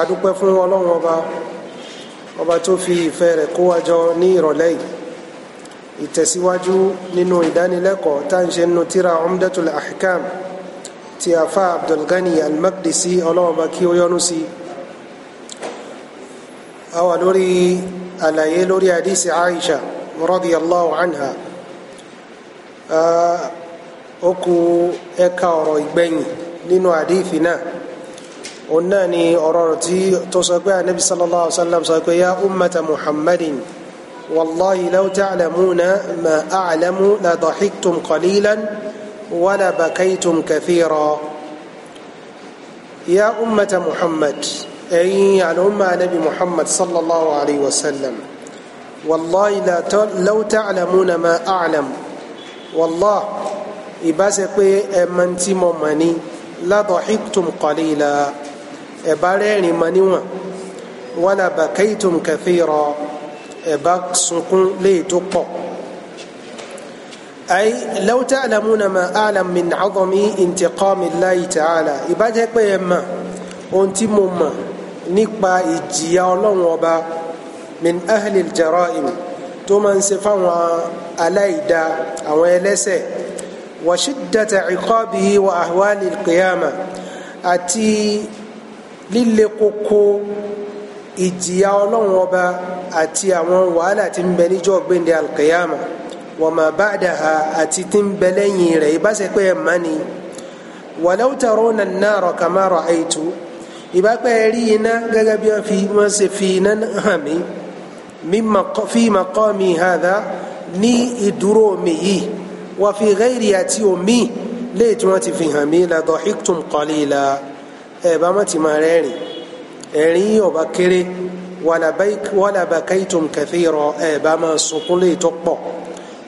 adúpẹ́ fún ọlọ́run ọba ọba tó fi ìfẹ́ rẹ̀ kó wa jọ ní ìrọ̀lẹ́ yìí ìtẹ̀síwájú nínú ìdánilẹ́kọ̀ọ́ tá ń ṣe nínú tíra umdatul ahkam ti afa abdulgani almakdisi ọlọ́run ọba kí ó yọ́nú sí a wà lórí àlàyé lórí àdísì aisha radiyallahu anha ó kù ẹ̀ka ọ̀rọ̀ ìgbẹ̀yìn nínú àdífì náà òun náà ni ọ̀rọ̀ tí tó sọ pé anabi sallallahu alayhi wa sallam sọ pé ya ummata muhammadin wallahi law ta'lamuna ma a'lamu la dahiktum qalilan wala bakaytum kathira ya ummata muhammad ẹ̀yin àlùmọ́ anabi muhammad sallallahu alayhi wa sallam wallahi law ta'lamuna ma a'lam wallah ìbá ṣe la dahiktum qalila ẹ̀bá rẹ́rìn mọ́ níwọ̀n wala bakaytum kathira ẹ̀bá sunkún léè tó pọ̀. ay law ta'lamuna ma a'lam min 'azami intiqami Allahi ta'ala ìbájẹ́ pé ẹ mọ̀ ohun tí mo mọ̀ nípa ìjìyà ọlọ́run ọba min ahli jaraim tó máa ń ṣe fáwọn aláìda àwọn ẹlẹ́ṣẹ̀ wa shiddata wa ahwali qiyama àti líle koko ìjìyà ọlọ́run ọba àti àwọn wàhálà tí ń bẹ níjọ́ gbẹ̀ndé alkiyama wa ma ba'daha àti tí ń bẹ lẹ́yìn rẹ̀ ìbáṣepẹ́ ẹ̀ mọ́ ni walau tarawna an-nara kama ra'aytu ìbápẹ́ rí iná gẹ́gẹ́ bí wọ́n ṣe fi iná hàn mí fi maqami hadha ní ìdúró mi yìí wa fi ghayri àti omi léè tí wọ́n ti fi hàn mí la dahiktum ẹ̀bá má ti máa rẹ́rìn ẹ̀rín ọba kéré wala bakaytum kathira ẹ̀bá máa sunkún lè tó pọ̀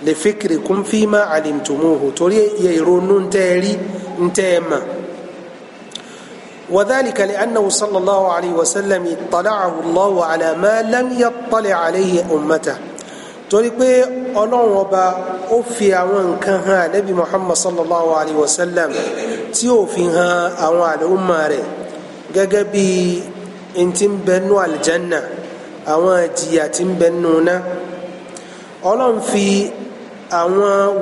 li fikrikum fima alimtumuhu torí yẹ ìrònú ntẹ́ rí ntẹ́ mà. وذلك لأنه صلى الله عليه وسلم اطلعه الله على ما لم يطلع عليه أمته torí pé ọlọ́run ọba ó fi àwọn nǹkan hàn ànábì muhammad sallallahu tí ó fi hàn àwọn àlùmọ̀ rẹ̀ gẹ́gẹ́ bí ntí ń bẹ nú àlìjánà àwọn ìjìyà tí ń bẹ nú ná ọlọ́run fi àwọn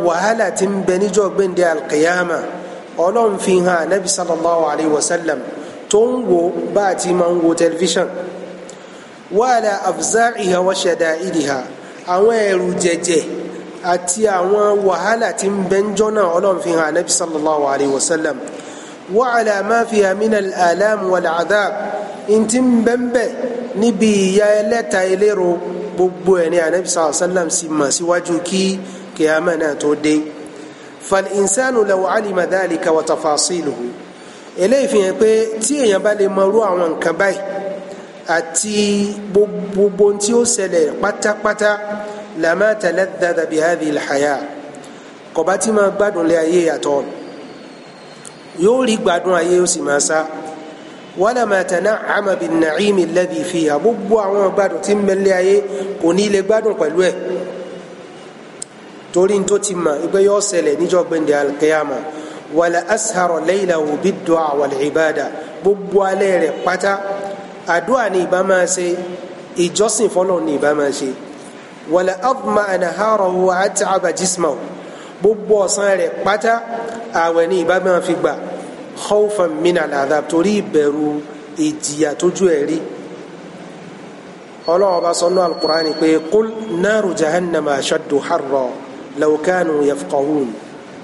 wàhálà tí ń bẹ níjọ́ gbẹ̀ndẹ̀ alkiyama ọlọ́run fi hàn anabi sallallahu alayhi wa sallam tó ń wo bá a ti máa ń wo tẹlifíṣàn wàhálà afza'iha wa shada'idiha àwọn ẹ̀rù jẹjẹ àti àwọn wàhálà tí ń bẹ ń jọ́nà ọlọ́run fi hàn anabi sallallahu alayhi wa sallam wa ala ma fiha min al-alam wal-adhab ntí ń bẹ ń bẹ níbi ìyà ẹlẹ́ta ẹlẹ́rọ gbogbo ẹ̀ ní anabi sallallahu alayhi wa sallam sì mà síwájú kí kìámà náà tó dé fal-insanu law alima dhalika wa tafasiluhu eléyìí fi hàn pé tí èèyàn bá lè mọrú àwọn nǹkan báyìí àti gbogbo tí ó ṣẹlẹ̀ pátápátá lama taladada bihadi ilhaya kò bá ti máa gbádùn lé ayé yàtọ̀ yóò rí gbádùn ayé yóò sì máa sá wala ma tana'ama bin na'imi alladhi fiha gbogbo àwọn gbádùn tí ń bẹ lé ayé kò ní lè gbádùn pẹ̀lú ẹ̀ torí tó ti mọ̀ ìgbé yóò ṣẹlẹ̀ níjọ́ gbẹ̀ndẹ̀ alkiyama wala asharo laylahu bid-du'a wal ibada gbogbo alẹ́ rẹ̀ pátá àdúrà ni ìbá máa ṣe ìjọsìn fọlọ́ ni ìbá máa ṣe. ولا أضمع نهاره وأتعب جسمه ببو صار بتا أوني بما في با خوفا من العذاب تريب برو إتيا تجوري الله عباس القرآن يقول نار جهنم أشد حرا لو كانوا يفقهون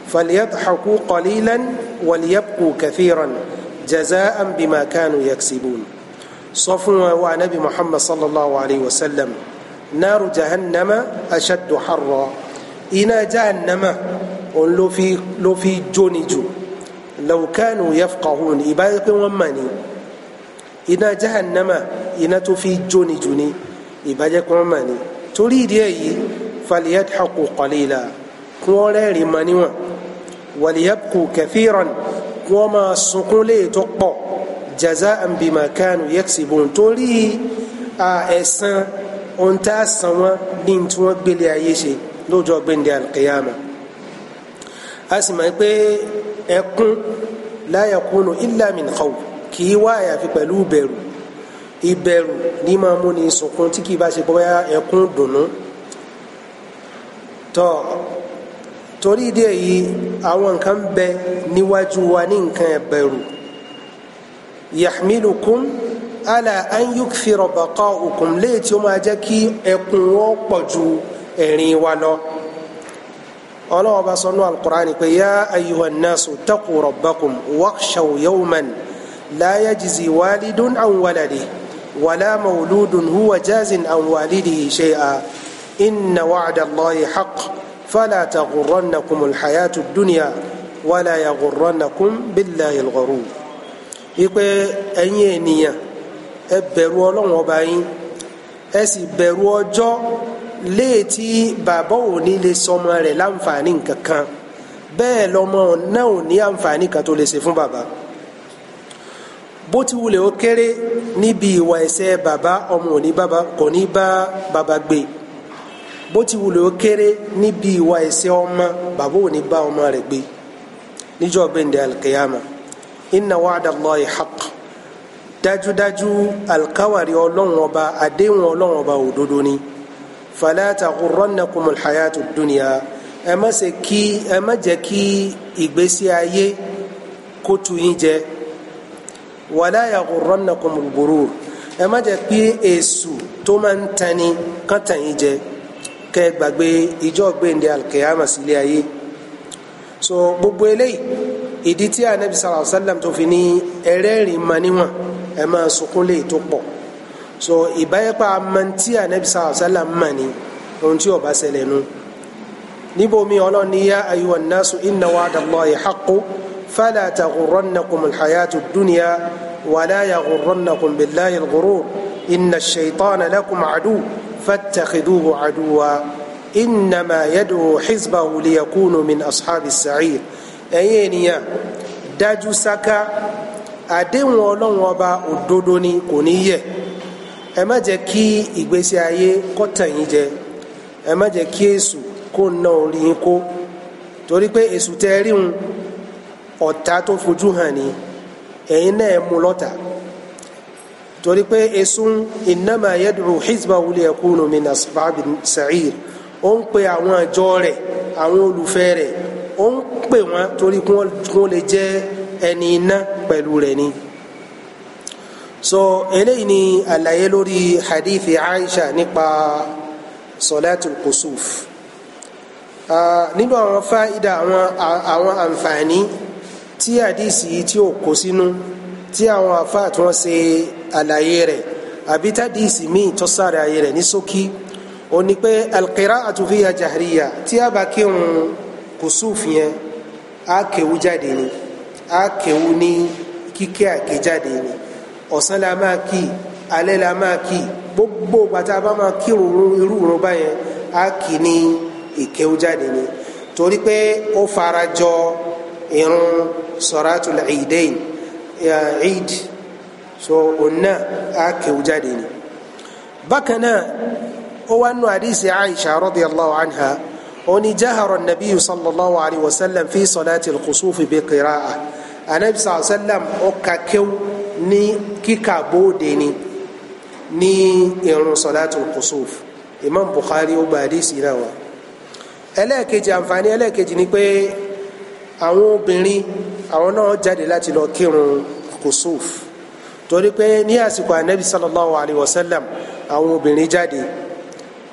فليضحكوا قليلا وليبقوا كثيرا جزاء بما كانوا يكسبون صفوا ونبي محمد صلى الله عليه وسلم náàrù jahannama aṣaddu harra iná jahannama òun ló fi ló fi jóni jù law kanu yafqahun ìbáyé pé wọ́n mà ní iná jahannama iná tó fi jóni jù ní ìbájẹ́ pé wọ́n mà ní torí ìdí èyí falyadhaku qalila kún wọn rẹ́rìn ma níwọ̀n waliyabku kathiran kún wọn máa sunkún lè jaza'an bima kanu yaksibun torí ẹ̀san. Uh, ohun tá a san wọn ní tí wọn gbélé ayé ṣe lọ́jọ́ gbẹndẹ alqiyama a sì máa pé ẹkún la yakunu illa min khawf kì í wá àyàfi pẹ̀lú ìbẹ̀rù ìbẹ̀rù ní máa mú ni sunkún tí kì í bá ṣe bọ́ bá ẹkún dùnnú tọ́ torí ìdí èyí àwọn nǹkan bẹ níwájú wa ní nǹkan ẹ̀bẹ̀rù yahmilukum ala an yukfira baqa'ukum léyìí tí ó máa jẹ́ kí ẹkún wọn pọ̀ ju ẹ̀rín wa lọ ọlọ́wọ́ bá sọ́nù alukur'ani pé yá ayyuhan nasu taqu rabbakum wakhshaw yawman la yajzi walidun an waladihi wala mawludun huwa jazin an walidihi shay'a inna wa'da allahi haqq fala taghurrannakum alhayatu ad-dunya wala yaghurrannakum billahi alghurur ipe ẹ̀yin ènìyàn ẹ bẹ̀rù ọlọ́run ọba yín ẹ sì bẹ̀rù ọjọ́ léètí bàbá ò ní lè sọmọ rẹ̀ láǹfààní kankan bẹ́ẹ̀ lọmọ náà ò ní àǹfààní kan tó lè ṣe fún bàbá bó ti wulẹ̀ ó kéré níbi ìwà ẹ̀ṣẹ̀ bàbá ọmọ ò ní bàbá kò ní bá bàbá gbé bó ti wulẹ̀ ó kéré níbi ìwà ẹ̀ṣẹ̀ ọmọ bàbá ò bá ọmọ rẹ̀ gbé níjọ́ bẹ́ndẹ̀ alkiyama inna wa'da Allahi haqq dájúdájú alkawari ọlọ́run ọba àdéhùn ọlọ́run ọba òdodo ni fala taghurrannakumul hayatud dunya ẹ má ṣe kí ẹ má jẹ́ kí ìgbésí ayé kó tu yín jẹ wala yaghurrannakumul ghurur ẹ má jẹ́ kí èṣù tó máa ń tani kán tàn yín jẹ kẹ́ gbàgbé ìjọ gbẹ̀ǹde alkiyama sílé ayé so gbogbo eléyìí ìdí tí anabi sallallahu alayhi wa sallam tó fi ní ẹrẹ́rìn ma ẹ máa sunkún lè tó pọ̀ so ìbáyẹpà amantí anabi sàlọ sàlà mà ní ohun tí ó bá ṣẹlẹ̀ nu níbo mi ọlọ́ni yá ayuwa nasu inna wa'dallahi haqqu fala taghurrannakum alhayatu dunya wala yaghurrannakum billahi alghurur inna ash-shaytana lakum adu fattakhiduhu aduwa innama yad'u hizbahu liyakunu min ashabi as-sa'ir ẹ̀yin ènìyàn àdéhùn ọlọ́run ọba òdodo ni kò ní yẹ ẹ má jẹ́ kí ìgbésí ayé kó tàn yín jẹ ẹ má jẹ́ kí èṣù kó ná orí yín kó torí pé èṣù tẹ rí hun ọ̀tá tó fojú hàn ni ẹ̀yin náà mú lọ́tà torí pé èṣù innama wuli hizbahu liyakunu min ashabi sa'ir ó ń pe àwọn àjọ rẹ̀ àwọn olùfẹ́ rẹ̀ ó ń pè wọ́n torí kí wọ́n lè jẹ́ ẹni iná. pẹ̀lú rẹ̀ ni so eléyìí ni àlàyé lórí hadithi Aisha nípa solatul kusuf nínú àwọn fáìdà àwọn àǹfààní tí àdìsí tí ò kó sínú tí àwọn àfáà tí wọ́n ṣe àlàyé rẹ̀ àbí tàdìsí míì tó sáré ayé rẹ̀ ní ṣókí ó ní pé alqira'atu fiha jahriya tí a bá kírun kùsùf yẹn a kéwu jáde ni a kéwu ní kíkẹ́ àkéjáde ni ọ̀sán la máa kí alẹ́ la máa kí gbogbo gbàtà bá máa kí irú ìrun báyẹn á kì ní ìkéwú jáde ni torí pé ó fara jọ ìrun sọ̀ràtù ìdẹ́yìn ìd so òun náà á kéwú jáde ni bákan náà ó wá nù àdìsí Aisha radiyallahu anha ó ní jahara nabiyu sallallahu alayhi fi salati al-kusufi bi qira'ah anabi sàlọ sẹlẹm ọkà kéwù ní kíkà bóde ni ní irun sọláàtù kùsùf imam bukhari ó gba àdìsí náà wá ẹlẹ́ẹ̀kejì àǹfààní ẹlẹ́ẹ̀kejì ni pé àwọn obìnrin àwọn náà jáde láti lọ kírun kùsùf torí pé ní àsìkò anabi sallallahu alayhi wa sallam àwọn obìnrin jáde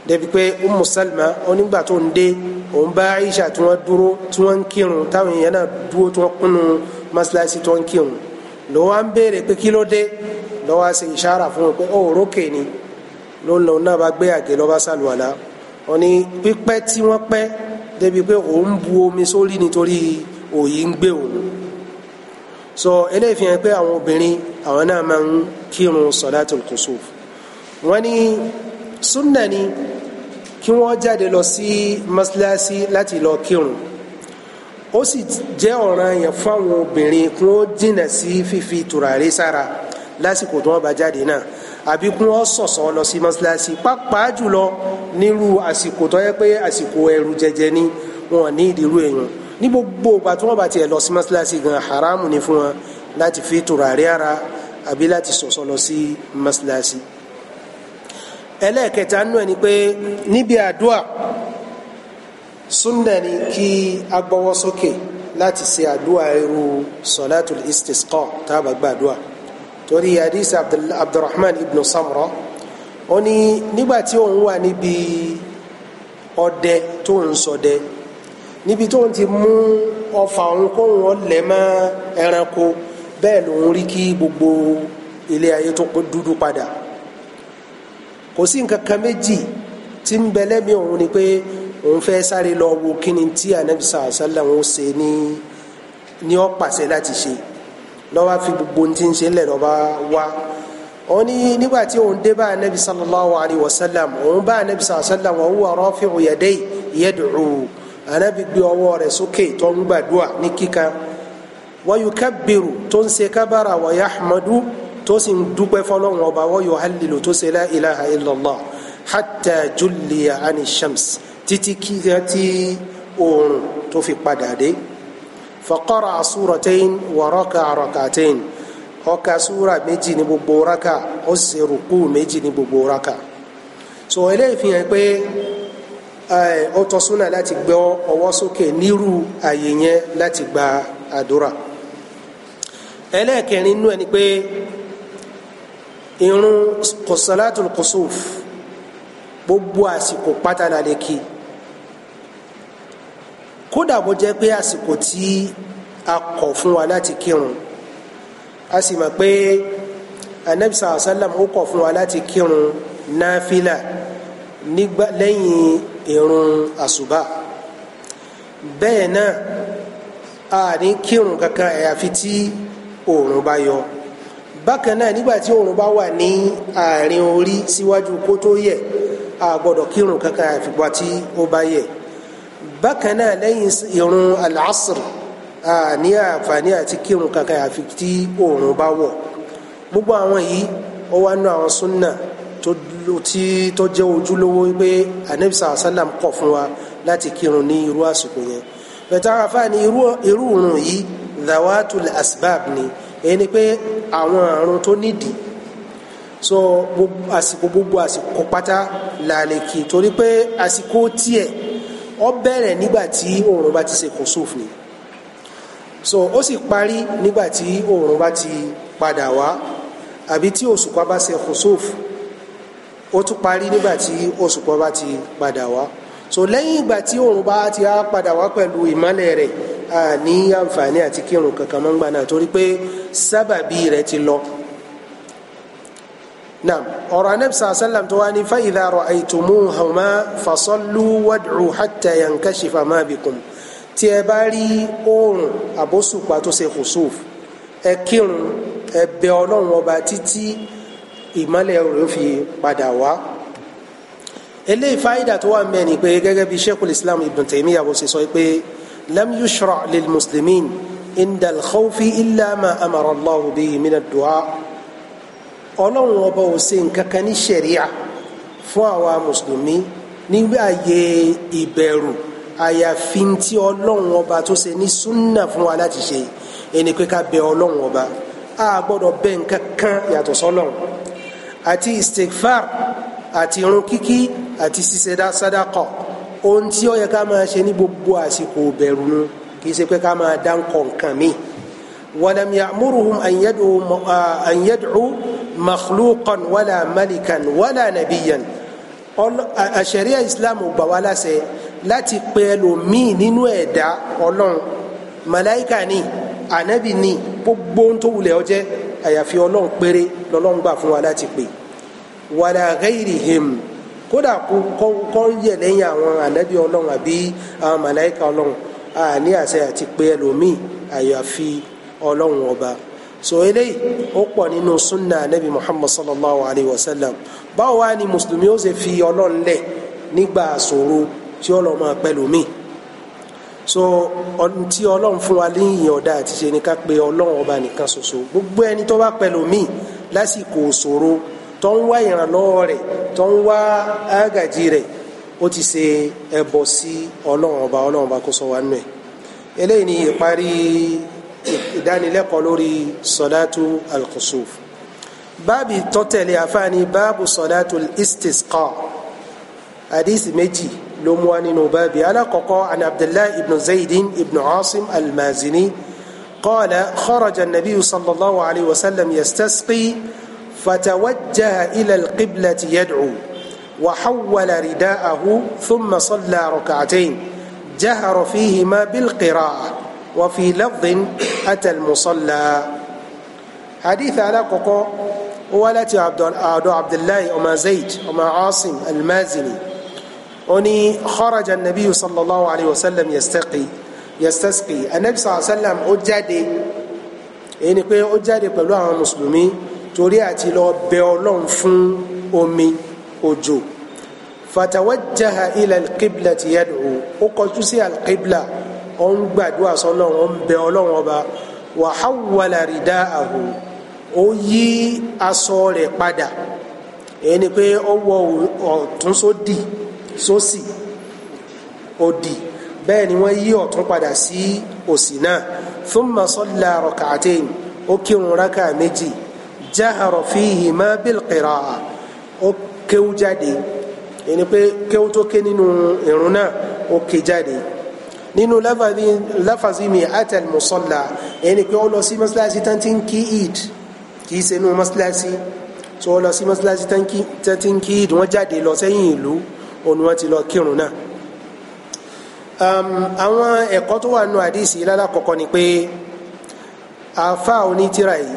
débi pé umu salma onígbà tó ń dé òun bá aisha tí wọ́n dúró tí wọ́n ń kírun táwọn èèyàn náà dúró tí wọ́n kúnnu mọ́ṣáláṣí tí wọ́n ń kírun lọ́wọ́ à ń béèrè pé kí ló dé lọ́wọ́ à ṣe ìṣàrà fún wọn pé ó rókè ni ló ń lọ náà bá gbé àgé lọ́ba sàlùwàlà wọn ni pípẹ́ tí wọ́n pẹ́ débi pé òun bu omi sórí nítorí òòyì ń gbé òun so eléyìí fi hàn pé àwọn obìnrin àwọn náà máa ń kírun sọ̀dátùl kùsùf wọ́n ní súnnà ni. Sunna ni kí wọ́n jáde lọ sí mọ́sálásí láti lọ kírun ó sì jẹ́ ọ̀ranyàn fún àwọn obìnrin kí wọ́n dínà sí fífi tùràrí sára lásìkò tí wọ́n bá jáde náà àbí kí wọ́n sọ̀sọ̀ lọ sí mọ́sálásí pàápàá jùlọ nírú àsìkò tó yẹ pé àsìkò ẹ̀rù jẹjẹ ni wọn ní ìdírú èèyàn ní gbogbo ìgbà tí wọ́n bá tiẹ̀ lọ sí mọ́sálásí gan haramu ni fún wọn láti fi tùràrí ara àbí láti sọ̀sọ̀ lọ sí mọ́sálásí ẹlẹ́ẹ̀kẹta nù ẹ̀ ni pé níbi àdúà sunna ni kí a gbọ́wọ́ sókè láti ṣe àdúà irú sọ̀látùl istisqa tábà gba àdúà torí hadith abdulrahman ibn samra ó ní nígbà tí òun wà níbi ọdẹ tó ń ṣọdẹ níbi tó ń ti mú ọfà òun kóhun ọlẹ̀ mọ́ ẹranko bẹ́ẹ̀ lòun rí kí gbogbo ilé ayé tó dúdú padà kò sí nǹkan kan méjì tí ń bẹ lẹ́mí òun ni pé òun fẹ́ sáré lọ wo kíni tí anabi sàlá sàlá ń ṣe ní ní ó pàṣẹ láti ṣe lọ́wọ́ fi gbogbo ohun tí ń ṣe lẹ́nu ọba wá ó ní nígbà tí òun dé bá anabi sallallahu alayhi wa sallam òun bá anabi sallallahu alayhi wa sallam wa huwa rafi'u yadayhi yad'u anabi gbé ọwọ́ rẹ̀ sókè tó ń gbàdúrà ní kíkan wa yukabbiru tó ń ṣe kábàrà wa yahmadu tó sì ń dúpẹ́ fọlọ́run ọba wọ́n yóò halilu tó ṣe la ilaha illallah hatta julia ani shams títí kí tí oòrùn tó fi padà dé faqara suratayn wa raka rakatain ó ka gbogbo raka ó sì rúkú méjì ní gbogbo raka so eléyìí fi hàn pé eh, ó tọ́ súnà láti gbé ọwọ́ sókè nírú àyè yẹn láti gba àdúrà ẹlẹ́ẹ̀kẹrin nínú ẹni pé irun salatul kusuf gbogbo àsìkò pátá la lè kí kódà bó jẹ́ pé àsìkò tí a kọ̀ fún wa láti kírun a sì mọ̀ pé anabi sàlá sàlám ó kọ̀ fún wa láti kírun náfìlà nígbà lẹ́yìn irun àsùbà bẹ́ẹ̀ náà a ní kírun kankan àyàfi tí oòrùn bá yọ bákan náà nígbà tí oòrùn bá wà ní àárín orí síwájú kó tó yẹ a gbọ́dọ̀ kírun kankan àfìgbà tí ó bá yẹ bákan náà lẹ́yìn irun al ní àǹfààní àti kírun kankan àfi tí oòrùn bá wọ̀ gbogbo àwọn yìí ó wá nú àwọn súnà tó jẹ́ ojúlówó pé anabi sàlám kọ̀ fún wa láti kírun ní irú àsìkò yẹn bẹ̀tẹ̀ àwọn afáàní irú òrùn yìí dhawatul asbab ni. Iru, iru èyí ni pé àwọn àrùn tó nídìí so àsìkò gbogbo àsìkò pátá la lè kí torí pé àsìkò tiẹ̀ ó bẹ̀rẹ̀ nígbà tí oòrùn bá ti ṣe kùsùf ni so ó sì parí nígbà tí oòrùn bá ti padà wá àbí tí òṣùpá bá ṣe kùsùf ó tún parí nígbà tí òṣùpá bá ti padà wá so lẹ́yìn ìgbà tí oòrùn bá ti á padà wá pẹ̀lú ìmọ́lẹ̀ rẹ̀ a ní àǹfààní àti kírun kankan mọ́ ń gbà náà torí pé sábàbí rẹ̀ ti lọ. نعم أرى النبي صلى الله عليه وسلم تواني فإذا رأيتموهما فصلوا وادعوا حتى ينكشف ما بكم tí ẹ bá rí oòrùn àbósùpá tó ṣe kùsùf ẹ kírun ẹ bẹ Ọlọ́run ọba títí ìmọ́lẹ̀ rẹ̀ fi padà wá eléyìí fáyidà tó wà mẹ́ni pé gẹ́gẹ́ bí Sheikhul Islam Ibn Taymiyyah bó sọ pé lam yushra' lil muslimin inda alkhawfi illa ma amara allah bihi mina du'a ọlọ́run ọba ò ṣe nǹkan kan ní sẹ̀ríà fún àwa mùsùlùmí nígbà ayé ìbẹ̀rù àyàfi tí ọlọ́run ọba tó ṣe ní súnà fún wa láti ṣe ẹni pé ká bẹ ọlọ́run ọba a gbọ́dọ̀ bẹ nǹkan kan yàtọ̀ sọ́lọ́run àti istighfar àti irun kíkí àti ṣíṣe sádàkọ ohun tí ó yẹ ká máa ṣe ní gbogbo àsìkò ìbẹ̀rù nu kì í ṣe pé ká máa dá nǹkan nǹkan mi walam ya'muruhum an yad'u makhluqan wala malikan wala nabiyan àṣẹríà islam gbà wá láṣẹ láti pe ẹlòmíì nínú ẹ̀dá ọlọ́run màláìkà ni ànábì ni gbogbo ohun tó wulẹ̀ ọjẹ́ àyàfi ọlọ́run péré lọ́lọ́run gbà fún wa láti pè wàlà ghairihim kódà kọ́ yẹ̀ lẹ́yìn àwọn ànábì ọlọ́run àbí àwọn màláìkà ọlọ́run a ní àṣẹ àti pé ẹlòmíì àyàfi ọlọ́run ọba so eléyìí ó pọ̀ nínú sunna nabi muhammad sallallahu alayhi wa sallam báwo wá ni mùsùlùmí ó ṣe fi ọlọ́run lẹ̀ nígbà àṣòro tí ó lọ máa pẹ̀lú mi so ọdún tí ọlọ́run fún wa léyìn ọ̀dà àti ṣe ni ká pe ọlọ́run ọba nìkan ṣoṣo gbogbo ẹni tó bá pẹ̀lú mi lásìkò ṣòro tó ń wá ìrànlọ́wọ́ rẹ̀ tó ń wá àgàjì rẹ̀ ó ti ṣe ẹbọ sí ọlọ́run ọba ọlọ́run ọba kó sọ wá nù ẹ̀ eléyìí ni ìparí ìdánilẹ́kọ̀ọ́ lórí sọ̀dátù alkusuf báàbì tọ́tẹ̀lé àfáàní báàbù sọ̀dátù istisqa àdìsí méjì ló mú wa nínú báàbì alákọ̀ọ́kọ́ an abdullahi ibn zaydin ibn asim almazini قال خرج النبي صلى الله عليه وسلم يستسقي فتوجه إلى القبلة يدعو وحول رداءه ثم صلى ركعتين جهر فيهما بالقراءة وفي لفظ أتى المصلى حديث على قوقو ولتي عبد عبد الله وما زيد وما عاصم المازني أني خرج النبي صلى الله عليه وسلم يستقي يستسقي النبي صلى الله عليه وسلم أجدي يعني أجدي pẹ̀lú àwọn mùsùlùmí torí àti lọ bẹ òjò fatawajjaha ila alqiblati yad'u ó kọjú sí alqibla ó ń gbàdúrà sọ́lọ́run ó ń bẹ Ọlọ́run ọba wa hawwala ridaahu ó yí aṣọ rẹ̀ padà èyí ni pé ó wọ ọ̀tún sódì sósì òdì bẹ́ẹ̀ ni wọ́n yí ọ̀tún padà sí òsì náà thumma salla rak'atayn ó kírun rákà méjì jahara fihima bil ó kéwú jáde ẹni pé kéwú tó ké nínú ìrun náà ó ké jáde nínú láfàzí mi àtẹl mùsọ̀là ẹni pé ó lọ sí mọ́sálásí tán ti ń kí id kì í ṣe nínú mọ́sálásí tó lọ sí mọ́sálásí tán ti ń kí id wọ́n jáde lọ sẹ́yìn ìlú òun wọn ti lọ kírun náà àwọn ẹ̀kọ́ tó wà nù àdìsí lálàkọ́kọ́ ni pé àáfàá onítìrà yìí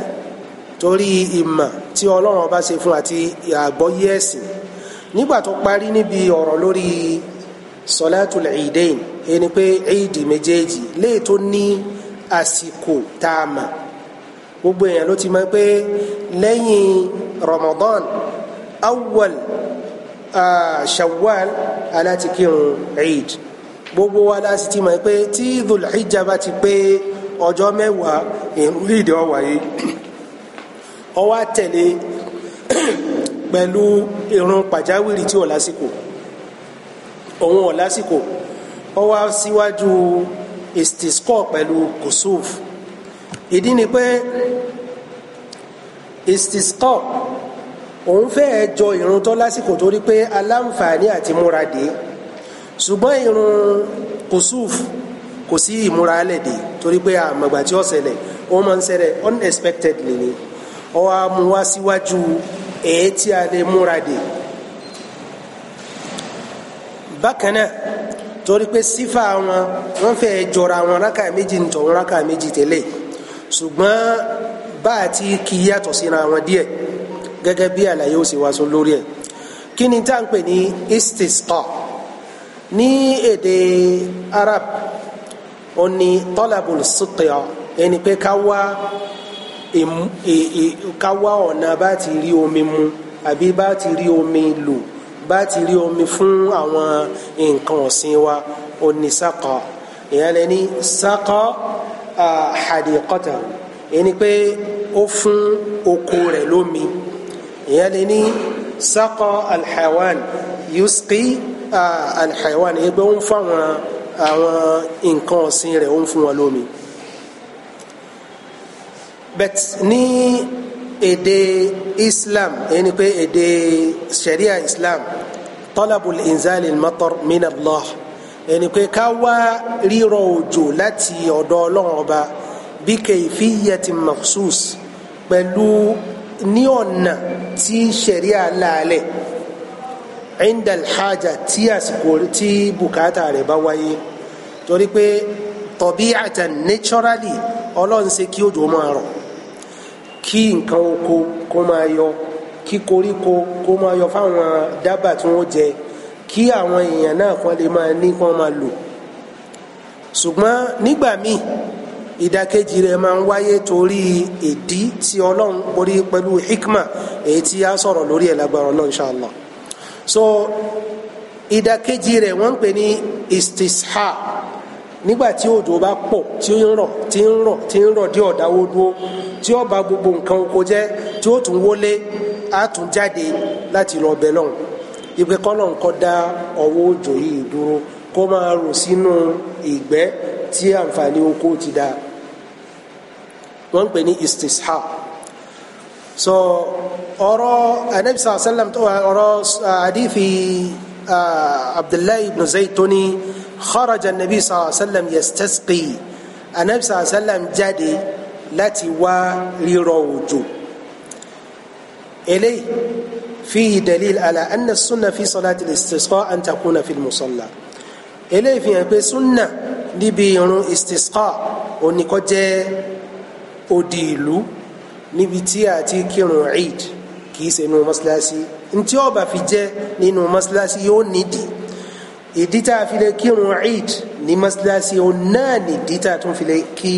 torí ìmọ̀ tí ọlọ́run ọba ṣe fún àti àgbọ́yé ẹ̀sìn nígbà tó parí níbi ọ̀rọ̀ lórí sọlátùl ìdẹ́yìn ẹni pé éèdì méjèèjì léè tó ní àsìkò tá a mà gbogbo èèyàn ló ti mọ̀ pé lẹ́yìn Ramadan awwal Shawwal alátìkírun eid gbogbo wa láti ti mọ̀ pé tí Dhul Hijja bá ti pé ọjọ́ mẹ́wàá ìrúlẹ̀ ìdẹ́wà wáyé ó wá tẹ̀lé pẹ̀lú ìrun pàjáwìrì tí ò lásìkò òun ò lásìkò ó wá síwájú istisqa pẹ̀lú kusuf ìdí ni pé istisqa òun fẹ́ẹ́ jọ ìrun tó lásìkò torí pé aláǹfààní àti múra ṣùgbọ́n ìrun kusuf kò sí ìmúra alẹ́ dé torí pé àmọ̀gbà tí ó ṣẹlẹ̀ ó máa ń ṣẹlẹ̀ unexpectedly ni ọwọ́ amú wá síwájú èyí tí a lè múra dè bákan náà torí pé sífà wọn wọn fẹ́ jọra wọn rákà méjì ń tọ̀ wọn rákà méjì tẹ́lẹ̀ ṣùgbọ́n bá a ti kì í yàtọ̀ síra wọn díẹ̀ gẹ́gẹ́ bí àlàyé ó sì wá sọ lórí ẹ̀ kí ni tá à ń pè ní istisqa ní èdè Arab ó ní talabul sitya ẹni pé ká wá ká wá ọ̀nà bá ti rí omi mu àbí bá ti rí omi lò bá ti rí omi fún àwọn nǹkan ọ̀sìn wa onísàkọ ìyẹn lẹni sàkọ àhàdìkọtà ẹni pé ó fún oko rẹ̀ lómi ìyẹn lẹni sàkọ alḥawan yusqi alḥawan ẹgbẹ́ ó ń fún àwọn nǹkan ọ̀sìn rẹ̀ ó ń fún wọn lómi but ní èdè islam ẹni pé èdè sharia islam tọ́lábùl inzal al-matar min Allah ẹni pé ká wá rírọ̀ òjò láti ọ̀dọ̀ ọlọ́run ọba bí kayfiyatin makhsus pẹ̀lú ní ọ̀nà tí ṣẹ̀ríà láàlẹ̀ indal haja tí àsìkò tí bùkátà rẹ̀ bá wáyé torí pé tabi'atan naturally ọlọ́run ṣe kí òjò máa rọ̀ kí nǹkan oko kó máa yọ kí koríko kó máa yọ fáwọn dábàá tí wọ́n jẹ kí àwọn èèyàn náà kan lè máa ní kí wọ́n máa lò ṣùgbọ́n nígbà míì ìdàkejì rẹ̀ máa ń wáyé torí ìdí tí Ọlọ́run borí pẹ̀lú hikma èyí tí a sọ̀rọ̀ lórí ẹ̀ lágbára Ọlọ́run ṣàlọ so ìdàkejì rẹ̀ wọ́n ń pè ní istisha nígbà tí òjò bá pọ̀ tí ń rọ̀ tí ń rọ̀ tí ń rọ̀ dé ọ̀dà wo dúró tí ó bà gbogbo nǹkan oko jẹ́ tí ó tún wọlé á tún jáde láti lọ bẹ lọ́hùn ibi kọ́nà ń kọ́ da ọwọ́ òjò yìí dúró kó máa rò sínú ìgbẹ́ tí àǹfààní oko ti da wọ́n ń pè ní istisha so ọ̀rọ̀ anabisa sallam ọ̀rọ̀ ah, adifi ah, abdullahi ibn zayd tó خرج النبي صلى الله عليه وسلم يستسقي النبي صلى الله عليه وسلم jáde láti wá rírọ̀ òjò eléyìí فيه دليل على أن السنة في صلاة الاستسقاء أن تكون في المصلى eléyìí fi hàn pé sunna níbi irun istisqa òní kó jẹ́ odi ìlú níbi tí a ti kírun eid kì í ṣe nínú mọ́ṣáláṣí ntí ó bá fi jẹ́ nínú mọ́ṣáláṣí yóò nídìí ìdí tá a fi lè kírun eid ní mọ́sálásí òun náà ní ìdí tá a tún fi lè kí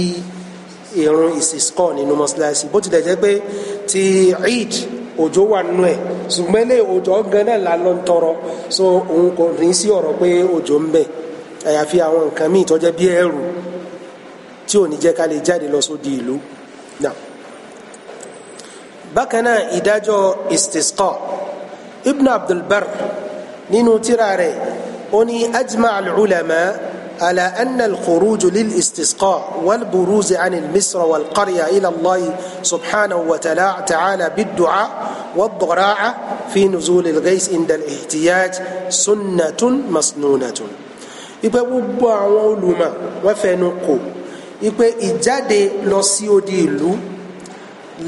irun ìsìskọ́ nínú mọ́sálásí bó tilẹ̀ jẹ́ pé ti eid òjò wà nínú ẹ̀ ṣùgbọ́n ilé òjò gan náà la lọ ń tọrọ so òun kò rí sí ọ̀rọ̀ pé òjò ń bẹ àyàfi àwọn nǹkan míì tó bí ẹ̀rù tí ò ní jẹ́ ká lè jáde lọ sódi ìlú bákan náà ìdájọ́ istisqa ibn abdulbar nínú tírà rẹ̀ أني أجمع العلماء على أن الخروج للاستسقاء والبروز عن المصر والقرية إلى الله سبحانه وتعالى بالدعاء والضراعة في نزول الغيث عند الاحتياج سنة مسنونة ipe gbogbo àwọn olùmọ̀ wọ́n fẹnu kò ipe ìjáde lọ sí odi ìlú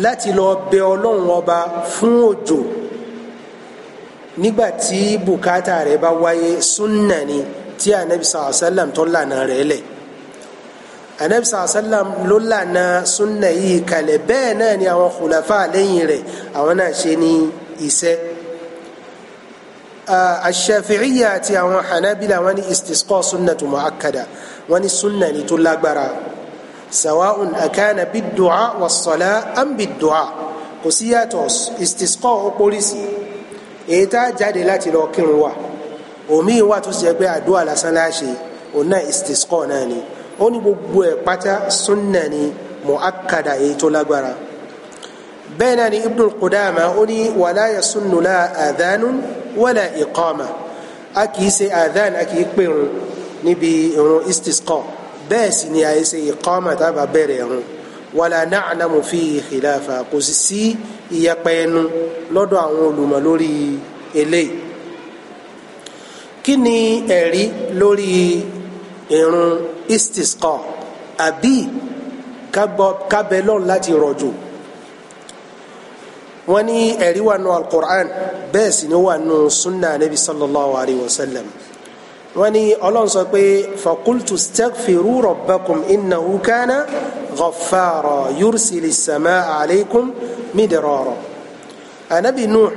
láti lọ bẹ Ọlọ́run ọba fún òjò nígbà tí bùkátà rẹ̀ bá wáyé sunna ni tí anabi sallallahu alayhi wa sallam tó lànà rẹ̀ lẹ̀ anabi sallallahu alayhi wa sallam ló lànà sunna yìí kalẹ̀ bẹ́ẹ̀ náà ni àwọn khulafa lẹ́yìn rẹ̀ àwọn náà ṣe ní iṣẹ́ aṣafi'iyya ah, àti àwọn hanabila wọ́n ní istisqa sunnatu mu'akkada wọ́n ní sunna ni tó lágbára sawa'un akana bid du'a was sala am bid du'a kò síyàtọ̀ istisqa ó èyí tá a jáde láti lọ kírun wa omi wa tó ṣe pé àdúrà lásán láṣẹ òun náà istisqa náà ni ó ní gbogbo ẹ̀ pátá sunna ni mu'akkada èyí tó lágbára bẹ́ẹ̀ náà ni ibn qudama ó ní wala yasunnu la adhanun wala a kì ṣe adhan a kì í níbi irun istisqa bẹ́ẹ̀ sì ni àyè ṣe iqama tá a bá bẹ̀rẹ̀ irun wala na'lamu fihi khilafa kò sì sí. Si, ìyapa ẹnu lọ́dọ̀ àwọn olùmọ̀ lórí eléyìí kí ni ẹ̀rí lórí irun istisqa àbí kábẹ́lọ́n láti rọ̀jò wọ́n ní ẹ̀rí wà nù alukur'an bẹ́ẹ̀ sì ni wà nù sunna anabi sallallahu alayhi wa sallam wọ́n ní ọlọ́run sọ pé fakultu stagfiru rabbakum innahu kana ghaffara yursili sama midrara anabi nuh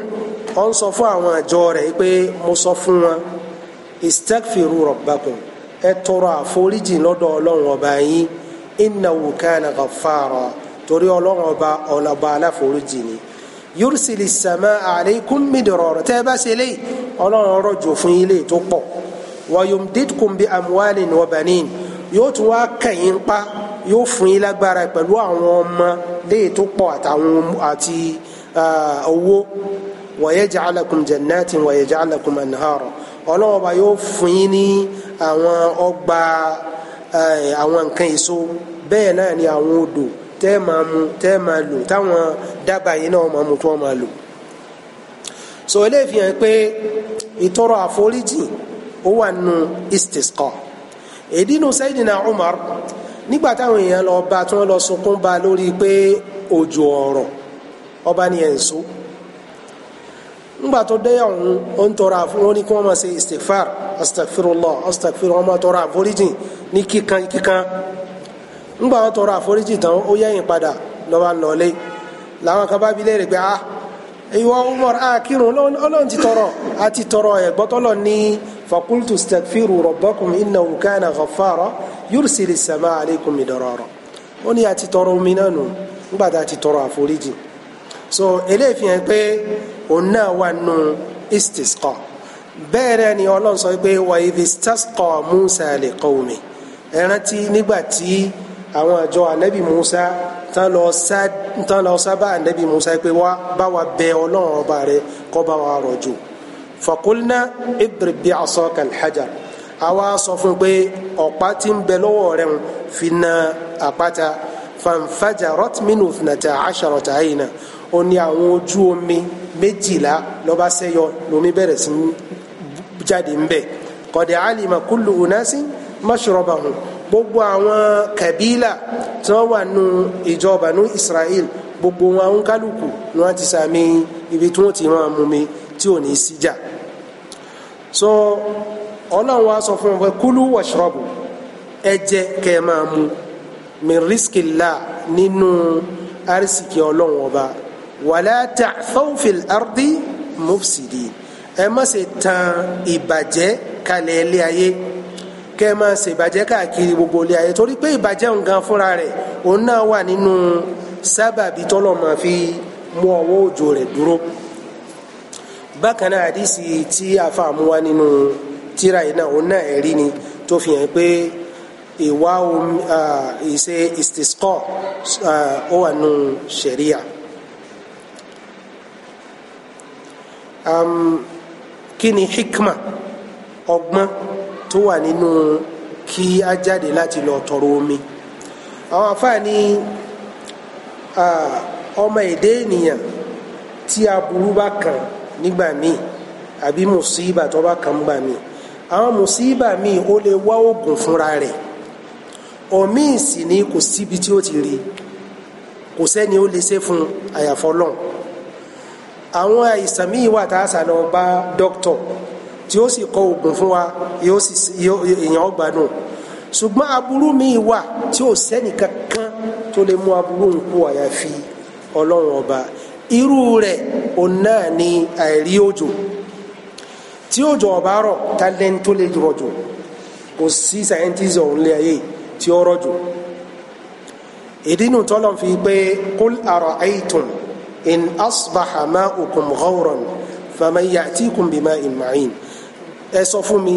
ó ń sọ fún àwọn àjọ rẹ̀ pé mo sọ fún wọn istagfiru rabbakum ẹ tọrọ àforíjì lọ́dọ̀ ọlọ́run ọba yín innahu kana ghaffara torí ọlọ́run ọba ọlọ́ba aláforíjì ni yursili sama aleikum midrara tẹ́ ẹ bá ṣe léyìí ọlọ́run ọrọ̀ jù fún ilé tó pọ̀ wa yumdidkum bi amwalin wa banin yóò tún wá kẹ̀yìn pa yóò fún yín lágbára pẹ̀lú àwọn ọmọ léè tó pọ̀ àtàwọn àti owó wa yaj'alakum jannatin wa yaj'alakum anhara ọlọ́wọ́n bá yóò fún yín ní àwọn ọgbà àwọn nǹkan èso bẹ́ẹ̀ náà ni àwọn odò tẹ́ máa mu tẹ́ máa lò táwọn dábàá yìí náà máa mu tó máa lò so eléyìí fi pé ìtọrọ àforíjì ó wà nù istisqa ìdí nu Sayyidina Umar nígbà táwọn èèyàn lọ bá tí wọ́n lọ sunkún bá lórí pé òjò ọ̀rọ̀ ọba ni ẹ̀ ń so nígbà tó dé ọ̀hún ó ń tọrọ àfún ó ní kí wọ́n máa ṣe istikfar astagfirullah astagfirullah wọ́n máa tọrọ àforíjì ní kíkan kíkan nígbà wọ́n tọrọ àforíjì tán ó yẹ̀yìn padà lọ́ba ń lọlé làwọn kan bá bi léèrè pé ah ìwọ Umar akírun ọlọ́run ti tọrọ àti tọrọ ẹ̀gbọ́tọ́lọ́ ní fakultu astagfiru rabbakum innahu kana ghaffara yursili sama aleikum midarara ó ní àti tọrọ omi náà nù nígbà tá a ti tọrọ àforíjì so eléyìí fi hàn pé òun náà wà nù istisqa bẹ́ẹ̀ rẹ̀ ni ọlọ́run sọ pé wa idh istasqa musa li qawmi ẹ rántí nígbà tí àwọn àjọ anabi musa tán lọ sábà anabi musa pé wá bá wa bẹ ọlọ́run ọba rẹ kó bá wa rọ̀jò fa qulna idrib bi'asaka al-hajar awa sọ fún pé ọ̀pá tí ń bẹ lọ́wọ́ rẹ̀ ń fi na àpáta fanfajà rotminu fúnata aṣarọta àyìnà ó ní àwọn ojú omi méjìlá lọ́ba sẹ́yọ lomi bẹ̀rẹ̀ sí jáde ń bẹ̀ qad alima kullu unasin mashrabahum gbogbo àwọn kabila tí wọ́n wà nù ìjọ Banu Israel gbogbo wọn àwọn kálukú ni wọ́n ti sàmì ibi tí wọ́n ti mú mi tí ò ní í síjà so ọlọ́run wa sọ fún wọn kúlú washrabu ẹ jẹ kẹ ẹ máa mu min riskillah nínú arísìkì ọlọ́run ọba wàlá ta'thaw fil ardi mufsidi ẹ má ṣe tan ìbàjẹ́ kalẹ̀ ilé ayé kẹ́ ẹ máa ṣe ìbàjẹ́ káàkiri gbogbo ilé ayé torí pé ìbàjẹ́ nǹkan fúnra rẹ̀ òun náà wà nínú sábàbí tọ́lọ̀ máa fi mú ọwọ́ òjò rẹ̀ dúró bákan náà àdìsí tí àfa àmúwá nínú tíra yìí náà òun náà ẹ̀rí ni tó fi hàn pé ìwá omi ìṣe istisqa ó wà nù ṣẹ̀ríà. kí ni hikma ọgbọ́n tó wà nínú kí a jáde láti lọ tọrọ omi àwọn afáàní ọmọ èdè ènìyàn tí aburú bá kàn nígbà míì àbí mùsíbà tó bá kàn nígbà míì àwọn mùsíbà míì ó lè wá oògùn fúnra rẹ̀ òmíì sì ni kò síbi tí ó ti rí kò sẹ́ni ó lè ṣe fún àyàfọ́ lọ́n àwọn àìsàn míì wà tá a sàn lọ bá dókítọ̀ tí ó sì kọ oògùn fún wa yóò sì èèyàn ó gbádùn ṣùgbọ́n aburú míì wà tí ò sẹ́ni kankan tó lè mú aburú ń àyàfi ọlọ́run ọba irú rẹ̀ òun náà ni àìrí òjò tí òjò ọba rọ talẹ tó lè rọ̀jò kò sí sáyẹntìsì ọ̀hún lé ayé tí ó rọ̀jò ìdí nu tọ́lọ̀ fi pé kul ara'aytum in asbaha ma'ukum ghawran faman ya'tikum bima'in ma'in ẹ sọ fún mi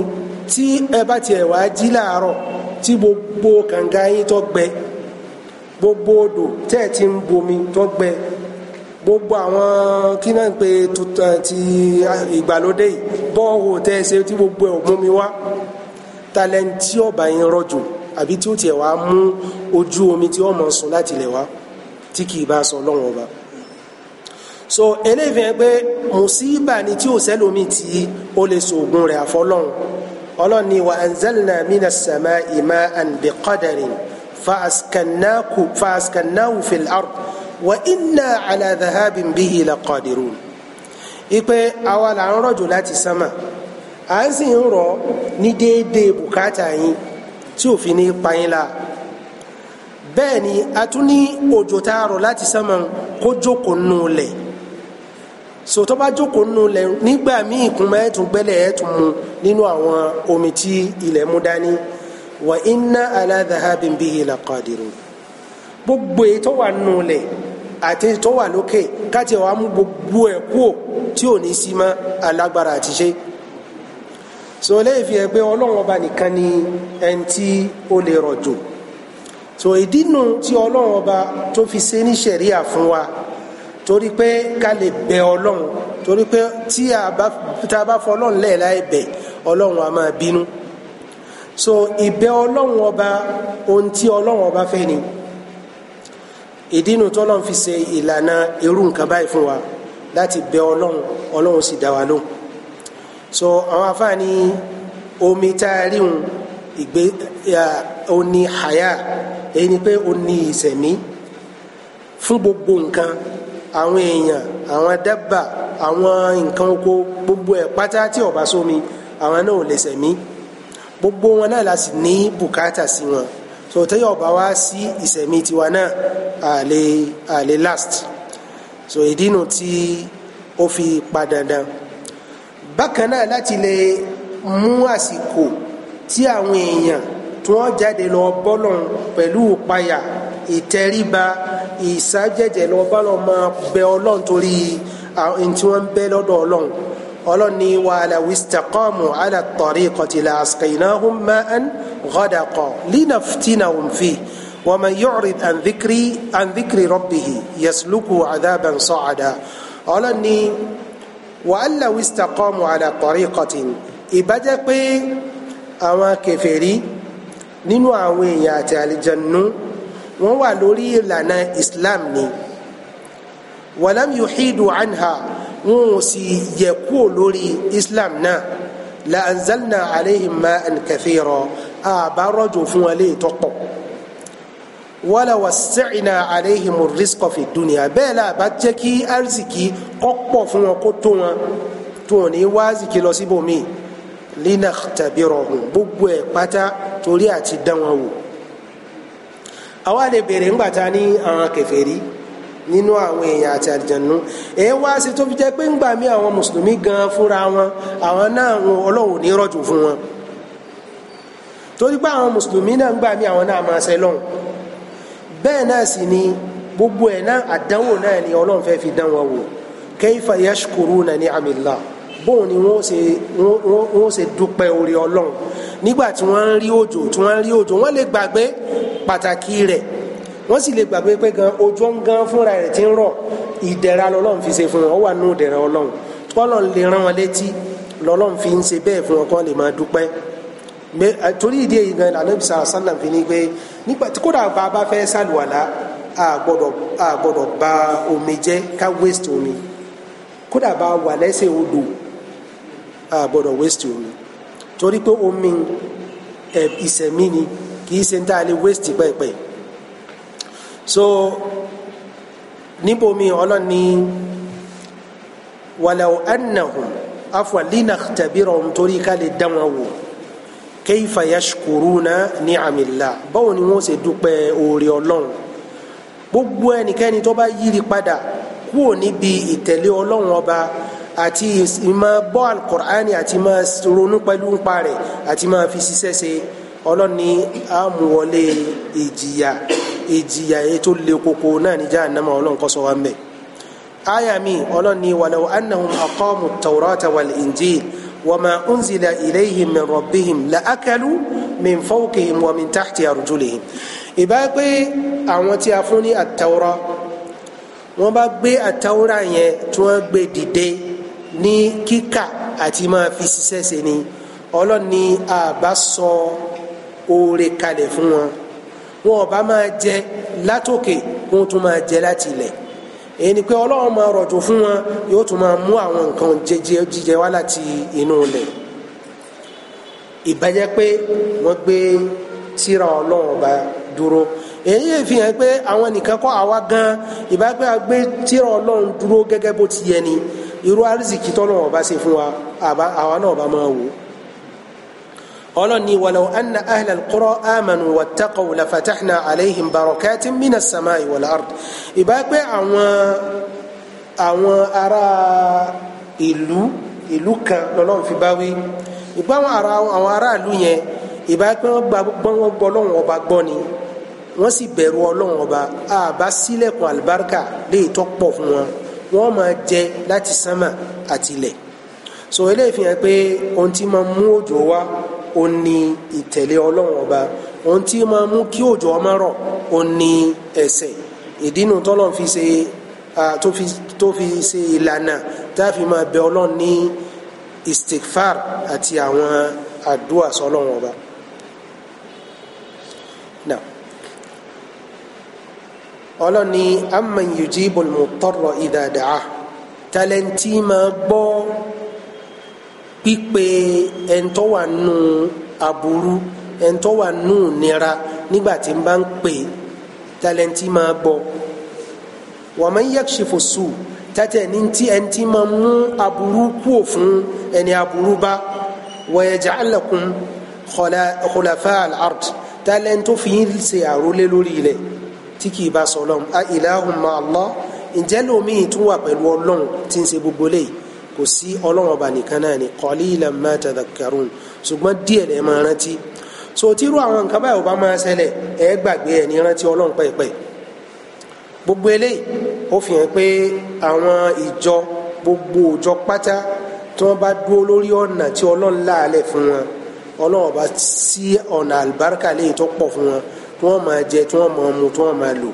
tí ẹ bá tiẹ̀ wá jí láàárọ̀ tí gbogbo kànga yín tó gbẹ gbogbo odò tẹ́ ẹ ti ń bomi tó gbẹ gbogbo àwọn kí náà ń pe ti ìgbàlódé yìí bọ́ọ̀wò tẹ́ ṣe tí gbogbo ẹ̀ mú mi wá talẹ́ntì ọ̀bà yẹn rọ̀jò àbí tí ó tiẹ̀ wá mú ojú omi tí ó sùn láti lẹ̀ wá tí kì í bá sọ ọlọ́run ọba so eléyìí fi pé mùsíbà ni tí ò sẹ́lómi tí ó lè sògùn rẹ̀ àfọlọ́run ọlọ́run ni wa anzalna minas samaa'i ma'an biqadarin fa'askannahu fil ard wa inna ala dhahabin bihi laqadirun ipe àwa là ń rọ̀jò láti sánmà à ń sì ń rọ̀ ní déédéé bùkátà yín tí òfin ní payín la bẹ́ẹ̀ ni a tún ní òjò tá a rọ̀ láti sánmà kó jókòó nù lẹ̀ sòtọ́ bá jókòó nù lẹ̀ nígbà míì kún mẹ́ tún gbẹ́lẹ̀ ẹ̀ mu nínú àwọn omi tí ilẹ̀ mú dání wa inna ala dhahabin bihi laqadirun gbogbo ètò wà nù lẹ̀ àti tó wà lókè káti ẹ̀ wá mú gbogbo ẹ̀ kú tí ò ní sí mọ́ alágbára àti ṣe so eléyìí fi hàn pé ọlọ́run ọba nìkan ni ẹni tí ó lè rọ̀jò so ìdí nu tí ọlọ́run ọba tó fi ṣe ní sẹ̀ríà fún wa torí pé ká lè bẹ ọlọ́run torí pé tí a bá fọ ọlọ́run lẹ́ẹ̀ bẹ̀ ọlọ́run a máa bínú so ìbẹ ọlọ́run ọba ohun tí ọlọ́run ọba fẹ́ ni ìdínú tọ́lọ́n fi ṣe ìlànà irú nǹkan báyìí fún wa láti bẹ ọlọ́run ọlọ́run sì dá wa lóhùn so àwọn afáàní omi tá a ríhun ìgbé oní haya èyí ni pé oní ìsẹ̀mí fún gbogbo nǹkan àwọn èèyàn àwọn dábà àwọn nǹkan oko gbogbo ẹ̀ pátá tí ọ̀bá sómi àwọn náà ò lè sẹ̀mí gbogbo wọn náà la sì ní bùkátà sí wọn so tẹ́yọ̀ ọba wá sí ìsẹ̀mí tiwa náà àlè last so ìdínú tí ó fi pa dandan bákan náà láti lè mú àsìkò tí àwọn èèyàn tí wọ́n jáde lọ bọ́lọ̀ pẹ̀lú ìpayà ìtẹríba ìsájẹ̀jẹ̀ lọ bọ́lọ̀ máa bẹ ọlọ́run torí àwọn tí wọ́n ń bẹ lọ́dọ̀ ọlọ́run ọlọ́ni wàhálà wìstàkọ́mù àlà tariqati la asqaynahum ma'an ghadaqa linaftinahum fi wa man yu'rid an dhikri an dhikri rabbih yasluku adhaban sa'ada ọlọ́ni wàhálà wìstàkọ́mù àlà tariqati ìbájẹ́ pé àwọn kèfèrí nínú àwọn èèyàn àti àlìjẹnu wọ́n wà lórí ìlànà Islam ni walam yuhidu anha wọn ò sì yẹ kúrò lórí islam náà la anzalna alayhim ma'an kathira àbá rọ̀jò fún wa lè tọ́pọ̀ wala wasi'na alayhim rizqa fi dunya bẹ́ẹ̀ la bá jẹ́ kí arzikì kọ́pọ̀ fún wọn kó tó wọn tó wọn ní wázikì lọ síbòmí linahtabirahum gbogbo ẹ̀ pátá torí àti dán àwa lè bèrè ńgbà ta ní àwọn kèfèrí nínú àwọn èèyàn àti àlìjànú èyí wá sí tó fi jẹ́ pé ńgbà mí àwọn mùsùlùmí gan fúnra wọn àwọn náà ọlọ́run ní rọ̀jò fún wọn torí pé àwọn mùsùlùmí náà ńgbà mí àwọn náà máa ṣe lọ́hùn bẹ́ẹ̀ náà sì ni gbogbo ẹ̀ náà àdánwò náà ni ọlọ́run fẹ́ fi dán wọn wò kayfa yashkuruna ni'amillah bóun ni wọ́n ṣe wọ́n ṣe dúpẹ́ orí ọlọ́run nígbà tí wọ́n ń rí òjò tí wọ́n ń rí òjò wọ́n lè gbàgbé pàtàkì rẹ̀ wọ́n sì lè gbàgbé pé gan ojú ń gan fúnra rẹ̀ ti ń rọ̀ ìdẹ̀ra lọ́lọ́run fi ṣe fún wọn ó wà nù ìdẹ̀ra ọlọ́run tọ́lọ́run lè rán wọn létí lọ́lọ́run fi ń ṣe bẹ́ẹ̀ fún wọn kọ́ lè máa dúpẹ́ torí ìdí èyí gan Ànábì sàlám fi ní pé nígbà tí kódà bá a bá fẹ́ sàlùwàlá a gbọ́dọ̀ a gbọ́dọ̀ ba omi jẹ́ ká waste omi kódà bá a wà lẹ́sẹ̀ odò a gbọ́dọ̀ waste omi torí pé omi ìṣẹ̀mí ni kì í ṣe ń tá a lè waste pẹ́ẹ́pẹ́ẹ́ so níbomi ọlọ́ni walaw annahum afwa linahtabirahum torí ká lè dán wọn wò kayfa yashkuruna ni'amillah báwo ni wọ́n ṣe dúpẹ́ oore ọlọ́run gbogbo ẹnikẹ́ni tó bá yíri padà kúrò níbi ìtẹ̀lé ọlọ́run ọba àti ìmọ̀ bọ́ alukur'ani àti ìmọ̀ ronú pẹ̀lú ńpa rẹ̀ àti ìmọ̀ fi ṣiṣẹ́ ṣe ọlọ́ni àmúwọlé ìjìyà ìjìyà ètò lè koko náà ní jahannama ọlọ́run kó ṣọ́ wa ń bẹ̀. aya mi ọlọ́run ni walaw annahum aqamu at-taurata wal-injil wama unzila ilayhim min rabbihim la akalu min fawqihim wa min tahti arjulihim. ìbá pé àwọn tí a fún ní at-taura bá gbé at yẹn tí wọ́n gbé dìde ní kíkà àti máa fi ṣiṣẹ́ ṣe ni ọlọ́run àbá sọ oore kalẹ̀ fún wọn wọn ò bá máa jẹ látòkè wọn ò tún máa jẹ láti ilẹ̀ èyí ni pé ọlọ́run máa rọ̀jò fún wọn yóò tún máa mú àwọn nǹkan jẹjẹ jíjẹ wá láti inú ilẹ̀ ìbàjẹ́ pé wọ́n gbé síra ọlọ́run ọba dúró èyí yìí fi hàn pé àwọn nìkan kọ́ àwa gan ìbágbé agbé síra ọlọ́run dúró gẹ́gẹ́ bó ti yẹ ni irú àrísìkí tọ́lọ́run ọba ṣe fún wa àwa náà ọba máa wò ó ọlọ́ni wàlọ́ anna ahlẹ̀ kúrọ́ amanu wàtàkọ̀ wùlàfàtàhìnà àlẹ́yìn barakati mina sama ìwàlá ard ìbá pé àwọn àwọn ará ìlú ìlú kan lọ́lọ́run fi bá wí ìbá àwọn ará ìlú yẹn ìbá pé wọ́n gbọ́ wọ́n gbọ́ lọ́wọ́n ọba gbọ́ ni wọ́n sì bẹ̀rù ọlọ́run ọba àbá sílẹ̀kùn àlùbáríkà lè tọ́ pọ̀ fún wọn wọ́n máa jẹ láti sánmà àtilẹ̀ so eléyìí fi hàn pé ohun tí máa mú òjò wá ó ní ìtẹ̀lé ọlọ́run ọba ohun tí máa mú kí òjò ọmọ rọ̀ ó ní ẹsẹ̀ ìdínú tọ́lọ́n fi ṣe tó fi ṣe ìlànà tá a fi máa bẹ ọlọ́run ní istikfar àti àwọn àdúrà sọlọ́run ọba. ọlọ́ni amman yujibul mutarra idha tálẹ́ntì máa gbọ́ pípe ẹ̀ńtọ́ wà nù aburú ẹ̀ńtọ́ wà nù nira nígbà tí n bá ń pè tálẹ́ǹtì máa gbọ́ wọ́n máa ń yakshifu su tátẹ̀ ní ti ẹ̀ńtì máa mú aburú kúò fún ẹni aburú bá wa yaj'al lakum khulafa al-ard fi ń ṣe àrólé lórí ilẹ̀ tí kì í bá sọ lọ́m a ilahum ma ǹjẹ́ lómi tún pẹ̀lú ọlọ́run tí ń ṣe gbogbo léyìí kò sí ọlọ́run ọba nìkan náà ni qalilan ma tadhakkarun ṣùgbọ́n díẹ̀ lè máa rántí so tírú àwọn nǹkan báyìí ò bá máa ṣẹlẹ̀ ẹ gbàgbé ẹ̀ ní rántí ọlọ́run pẹ̀pẹ̀ gbogbo eléyìí ó fi hàn pé àwọn ìjọ gbogbo òjọ pátá tí wọ́n bá dúró lórí ọ̀nà tí ọlọ́run láàlẹ̀ fún wọn ọlọ́run ọba sí ọ̀nà àlùbáríkà léyìí tó pọ̀ fún wọn tí wọ́n máa jẹ tí wọ́n máa mu tí wọ́n máa lò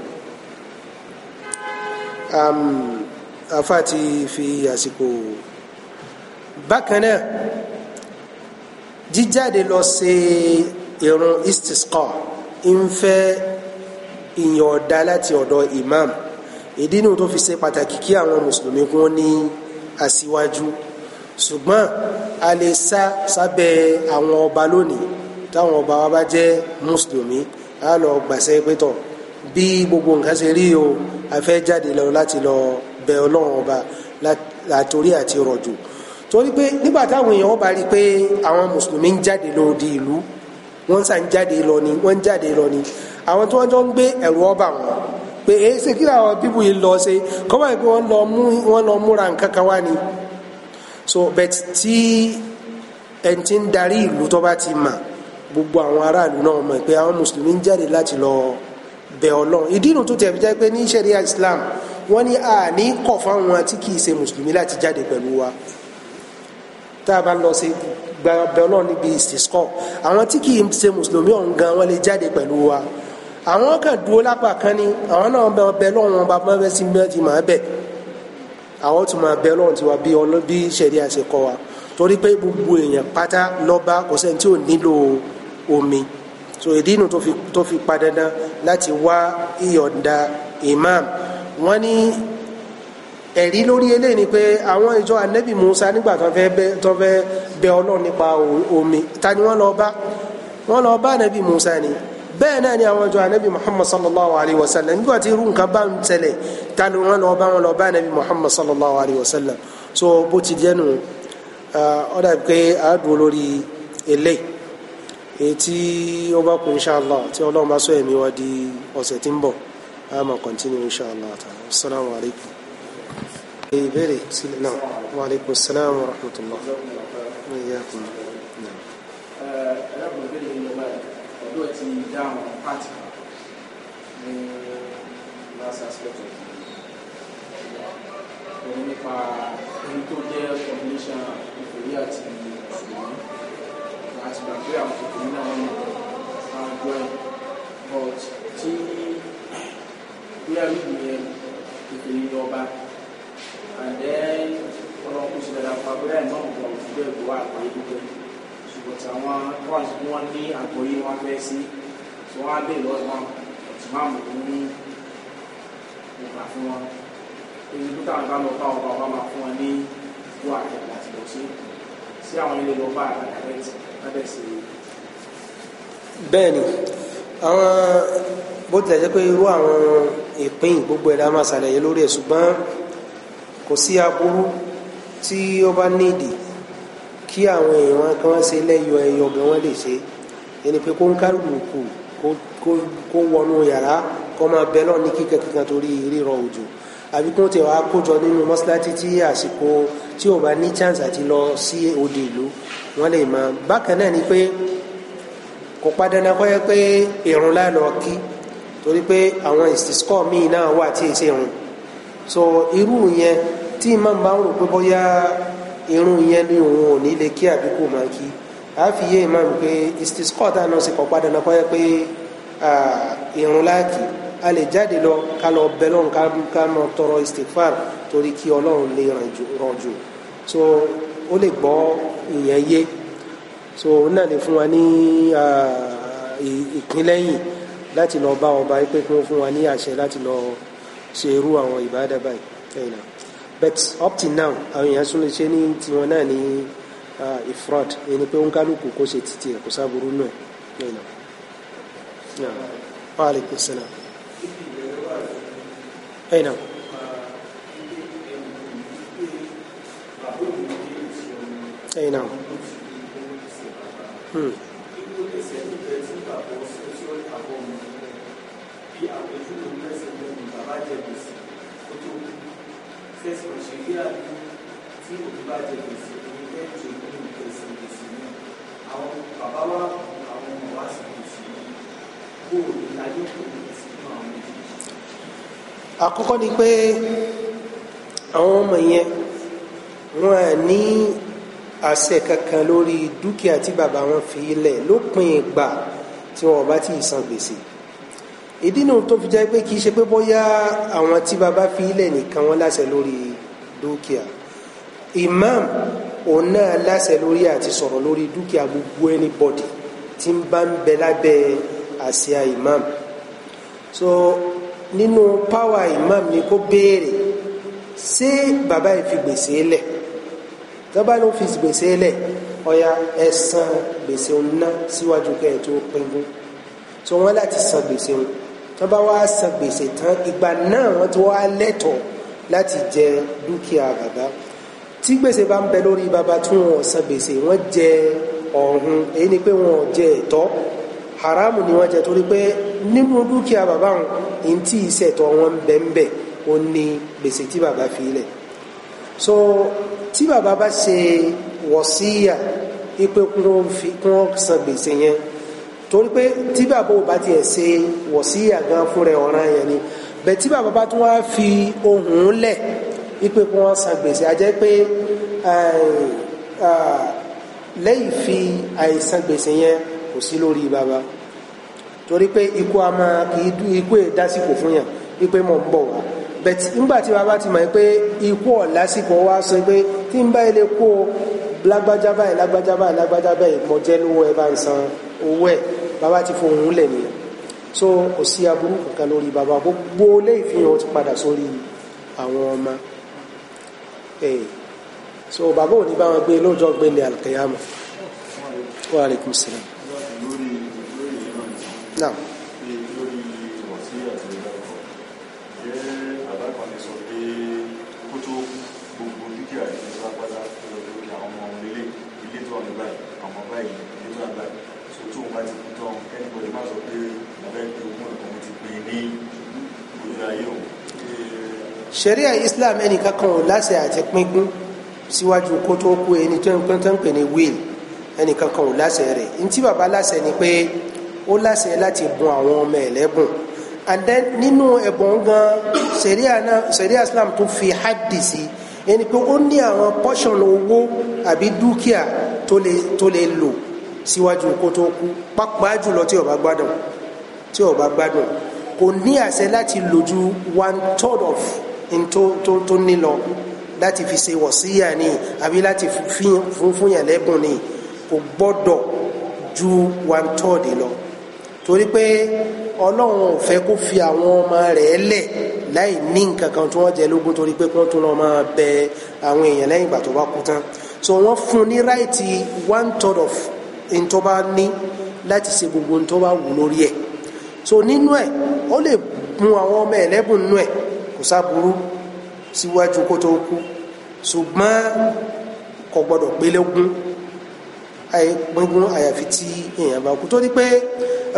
afa ti fi àsìkò bákan náà jíjáde lọ ṣe irun istisqa ń fẹ́ ìyàn ọ̀dá láti ọ̀dọ̀ imam ìdí inú tó fi ṣe pàtàkì kí àwọn mùsùlùmí kún ní aṣíwájú ṣùgbọ́n a lè sá sábẹ́ àwọn ọba lónìí táwọn ọba wa bá jẹ́ mùsùlùmí a lọ gbàṣẹ pétọ̀ bí gbogbo nǹkan ṣe rí o a fẹ́ jáde lọ láti lọ bẹ ọlọ́run ọba látòrí àti rọ̀jò torí pé nígbà táwọn èèyàn bá rí i pé àwọn mùsùlùmí ń jáde lọ di ìlú wọn sàn jáde lọ ni wọn ń jáde lọ ni àwọn tí wọn jọ ń gbé ẹ̀rù ọba wọn pé èyí ṣe kí làwọn bíbù yìí lọ ṣe kọ́mọ̀ pé wọ́n lọ mú wọ́n lọ múra nǹkan kan wá ni so bẹ́t tí ẹni tí ń darí ìlú tó bá ti mà gbogbo àwọn aráàlú náà mọ̀ pé àwọn mùsùlùmí ń jáde láti lọ bẹ̀ ọlọ́run ìdí inú tó tẹ̀ fi jẹ́ pé ní sẹ́ríà Islam wọ́n ní àní kọ̀ fáwọn tí kì í ṣe mùsùlùmí láti jáde pẹ̀lú wa tá a bá lọ sí gbàgbẹ́ ọlọ́run níbi ìsìnkọ́ àwọn tí kì í ṣe mùsùlùmí ọ̀hún gan wọ́n lè jáde pẹ̀lú wa àwọn kan dúró lápá kan ní àwọn náà bẹ ọbẹ̀ lọ́run ọba mọ́bẹ́ sí mẹ́tì máa bẹ̀ àwọn tún máa bẹ lọ́run tiwa bí ọlọ́ bí ṣẹ̀rí àṣẹ kọ́ wa torí pé gbogbo èèyàn pátá lọ́ba kò sẹ́ni tí ò nílò omi so ìdí inú tó fi pa dandan láti wá ìyọ̀ǹda imam wọ́n ní ẹ̀rí lórí eléyìí ni pé àwọn ìjọ anabi musa nígbà tó fẹ́ bẹ tó fẹ́ bẹ ọlọ́run nípa omi ta ni wọ́n lọ bá wọ́n lọ bá anabi musa ni bẹ́ẹ̀ náà ni àwọn ìjọ anabi muhammad sallallahu alayhi wa sallam nígbà tí irú nǹkan bá ń tẹ̀lẹ̀ ta ni wọ́n lọ bá wọn lọ bá anabi muhammad sallallahu alayhi wa sallam so bó ti jẹ́ nù ó dàbí pé a dúró lórí eléyìí èyí tí ó bá kú inṣàlá tí ọlọ́run bá sọ ẹ̀mí wa di ọ̀sẹ̀ tí ń bọ̀ a continue inṣàlá assalamu ìbéèrè sílẹ̀ náà wa alaikum salaam wa rahmatullah ìyáàkùn náà. ẹ̀rọ ìbéèrè yìí lọ́wọ́ ẹ̀ ọdún ẹ̀ ti dáhùn pàtì ní last aspect of the ọ̀rọ̀ nípa ẹni tó jẹ́ combination ìfòyí àti ìṣòwò àti bàtúrà àwọn ìfòyí náà wọ́n máa ń gbọ́ ẹ̀ but tí bí a rí ìyẹn ìfòyí ọba and then ọlọ́kùn ṣe dáadáa pa bóyá ìmọ̀ ọ̀pọ̀ òṣìṣẹ́ ìgbòho àgbáyé gbígbẹ́ ṣùgbọ́n táwọn káwọn ti fún wọn ní àgbọ̀yé wọn fẹ́ sí tí wọ́n á bè lọ́wọ́ tí máa mú ní ìgbà fún wọn èyí tó táwọn bá lọ bá ọba ọba máa fún wọn ní ìgbó àgbẹ̀ àti lọ sí sí àwọn àwọn bó tilẹ̀ jẹ́ pé irú àwọn ìpín gbogbo ẹ̀dá máa ṣàlàyé lórí ẹ̀ ṣùgbọ́n kò sí aburú tí ó bá nídìí kí àwọn èèyàn kí wọ́n ṣe lẹ́yọ ẹyọ gan wọ́n lè ṣe ẹni pé kó ń kárùkù kó wọnú yàrá kó máa bẹ lọ́ọ̀ ní kíkankíkan torí rírọ òjò àbí kó tẹ̀ wá kójọ nínú mọ́ṣáláṣí tí àsìkò tí ò bá ní chance àti lọ sí òde ìlú wọ́n lè máa bákan náà ni pé kò padànà kọ́ yẹ pé ìrun la lọ kí torí pé àwọn ìsìsíkọ́ míì náà wà tí èsì ìrun so irú yẹn tí imam bá ń rò pé bóyá irun yẹn ni òun ò ní lè kí àbí kò kí a fi yé imam pé istisqa tá a náà ṣe kọ́ padà náà kọ́yẹ́ pé irun láàkì a lè jáde lọ ká lọ bẹ lọ́run ká mọ tọrọ istighfar torí kí ọlọ́run lè rọ̀jò so ó lè gbọ́ ìyẹn yé so ó náà lè fún wa ní ìpínlẹ́yìn láti lọ bá ọba pé kí wọ́n fún wa ní àṣẹ láti lọ ṣe irú àwọn ìbáadà báyìí ẹ̀yìnà but up till now àwọn èèyàn tún lè ṣe ní tiwọn náà ní ifrod ẹni pé ó ń kálukú kó ṣe títí ẹ̀ kó sáburú náà ẹ̀yìnà. wa alaikum salaam. ẹ̀yìnà. ẹ̀yìnà. Hmm. tẹ̀sí òṣèré àbí tí òbí bá jẹ gbèsè ní tẹ́jú nínú gbèsè gbèsè náà àwọn bàbá wa àwọn ọmọ wa sì gbèsè yìí kó o ní ayé kò ní gbèsè náà àwọn méjèèjì. àkọ́kọ́ ni pé àwọn ọmọ yẹn wọn à ní àṣẹ kankan lórí dúkìá tí bàbá wọn fi lẹ̀ lópin ìgbà tí wọn ò bá ti san gbèsè ìdí nù tó fi jẹ́ pé kì í ṣe pé bóyá àwọn tí baba fi ilẹ̀ nìkan wọ́n láṣẹ lórí dúkìá imam òun náà láṣẹ lórí àti sọ̀rọ̀ lórí dúkìá gbogbo anybody tí ń bá ń bẹ lábẹ́ àsíá imam so nínú pàwà imam ni kó béèrè ṣé baba yìí fi gbèsè lẹ̀ tọ́ba ló fi gbèsè lẹ̀ ọ̀ya ẹ gbèsè òun síwájú kẹ́ ẹ̀ tó pinnu so wọ́n láti san gbèsè òun wọ́n bá wá san gbèsè tán ìgbà náà wọ́n ti wá lẹ́tọ̀ọ́ láti jẹ dúkìá bàbá tí gbèsè bá ń bẹ lórí bàbá tí wọn ò san gbèsè wọ́n jẹ ọ̀hún èyí ni pé wọn ò jẹ ẹ̀tọ́ haramu ni wọ́n jẹ torí pé nínú dúkìá bàbá wọn èyí tí ìṣẹ̀tọ́ wọn ń bẹ ní gbèsè tí bàbá fi lẹ̀ so tí bàbá bá ṣe wọ̀síyà ipe kí wọ́n san gbèsè yẹn torí pé tí bàbá ò bá tiẹ̀ ṣe wọ̀síyà gan fúnra ọ̀ràn yẹn ni bẹ́ẹ̀ tí bàbá bá tún wá fi ohùn lẹ̀ wípé kí wọ́n san gbèsè a jẹ́ pé lẹ́yìn fi àìsan gbèsè yẹn kò sí lórí bàbá torí pé ikú a máa kì í ikú èdásìkò fún yàn wípé mò ń bọ̀ wá bẹ́ẹ̀ nígbà tí bàbá ti mọ̀ pé ikú ọ̀ lásìkò wá sọ pé tí ń bá ilé kó lágbájá báyìí lágbájá báyìí lágbájá báyìí mo jẹ́ lówó ẹ bá ń san owó ẹ̀ bàbá ti fohùn lẹ̀ nìyẹn so kò sí aburú kankan lórí bàbá gbogbo lè fi hàn ti padà sórí àwọn ọmọ ee eh, so bàbá ò ní bá wọn gbé lọ́jọ́ gbélé alkiyama wa aleykum salaam. naam. ṣẹ̀ríà islam ẹnìkan kan ò láṣẹ àti pínpín síwájú kó tó kú ẹni tó ń pín tó ń pè ní will ẹnìkan kan ò láṣẹ rẹ̀ ntí bàbá láṣẹ ni pé ó láṣẹ láti bùn àwọn ọmọ ẹlẹ́bùn and then nínú ẹ̀bùn gan ṣẹ̀ríà náà ṣẹ̀ríà islam tó fi hádì sí ẹni pé ó ní àwọn portion owó àbí dúkìá tó lè tó lè lò síwájú kó tó kú pàápàá jùlọ tí ó gbádùn tí ó gbádùn kò ní àṣẹ láti lò ju one third of tó ní lọ láti fi ṣe wọ̀síyà ni àbí láti fún fún yàn lẹ́bùn ni kò gbọ́dọ̀ ju one third lọ torí pé ọlọ́run ò fẹ́ kó fi àwọn ọmọ rẹ̀ lẹ̀ láì ní nǹkan kan tí wọ́n jẹ lógún torí pé kí wọ́n tún lọ máa bẹ àwọn èèyàn lẹ́yìn ìgbà tó bá kú tán so wọ́n fún ní ráìtì one third of ntọ́ bá ní láti ṣe gbogbo ntọ́ bá wù lórí ẹ̀ so nínú ẹ̀ ó lè mú àwọn ọmọ ẹ̀lẹ́bùn nínú ẹ̀ sáburú síwájú kó tó kú ṣùgbọ́n kò gbọ́dọ̀ gbélégún gbóngún àyàfi tí èèyàn bá kú tó di pé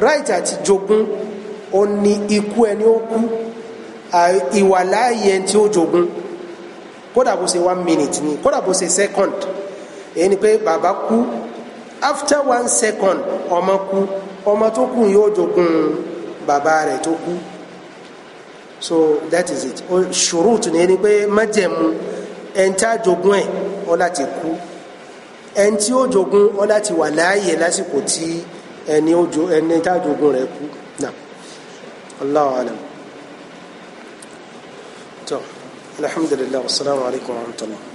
right àti jogún ó ní ikú ẹni ó kú ìwàláàyè ẹni tí ó jogún kódà bó ṣe one minute ni kódà bó ṣe second èyí ni pé bàbá kú after one second ọmọ kú ọmọ tó kù yóò jogún bàbá rẹ̀ tó kú so that is it ṣùrùtù ni ẹni pé májẹ̀mú ẹni tá jogun jogún ẹ̀ ó láti kú ẹni tí ó jogún ó láti wà láàyè lásìkò tí ẹni tá a jogún rẹ̀ kú náà Allahu alam. So, alhamdulillah wasalaamu alaykum wa rahmatulah.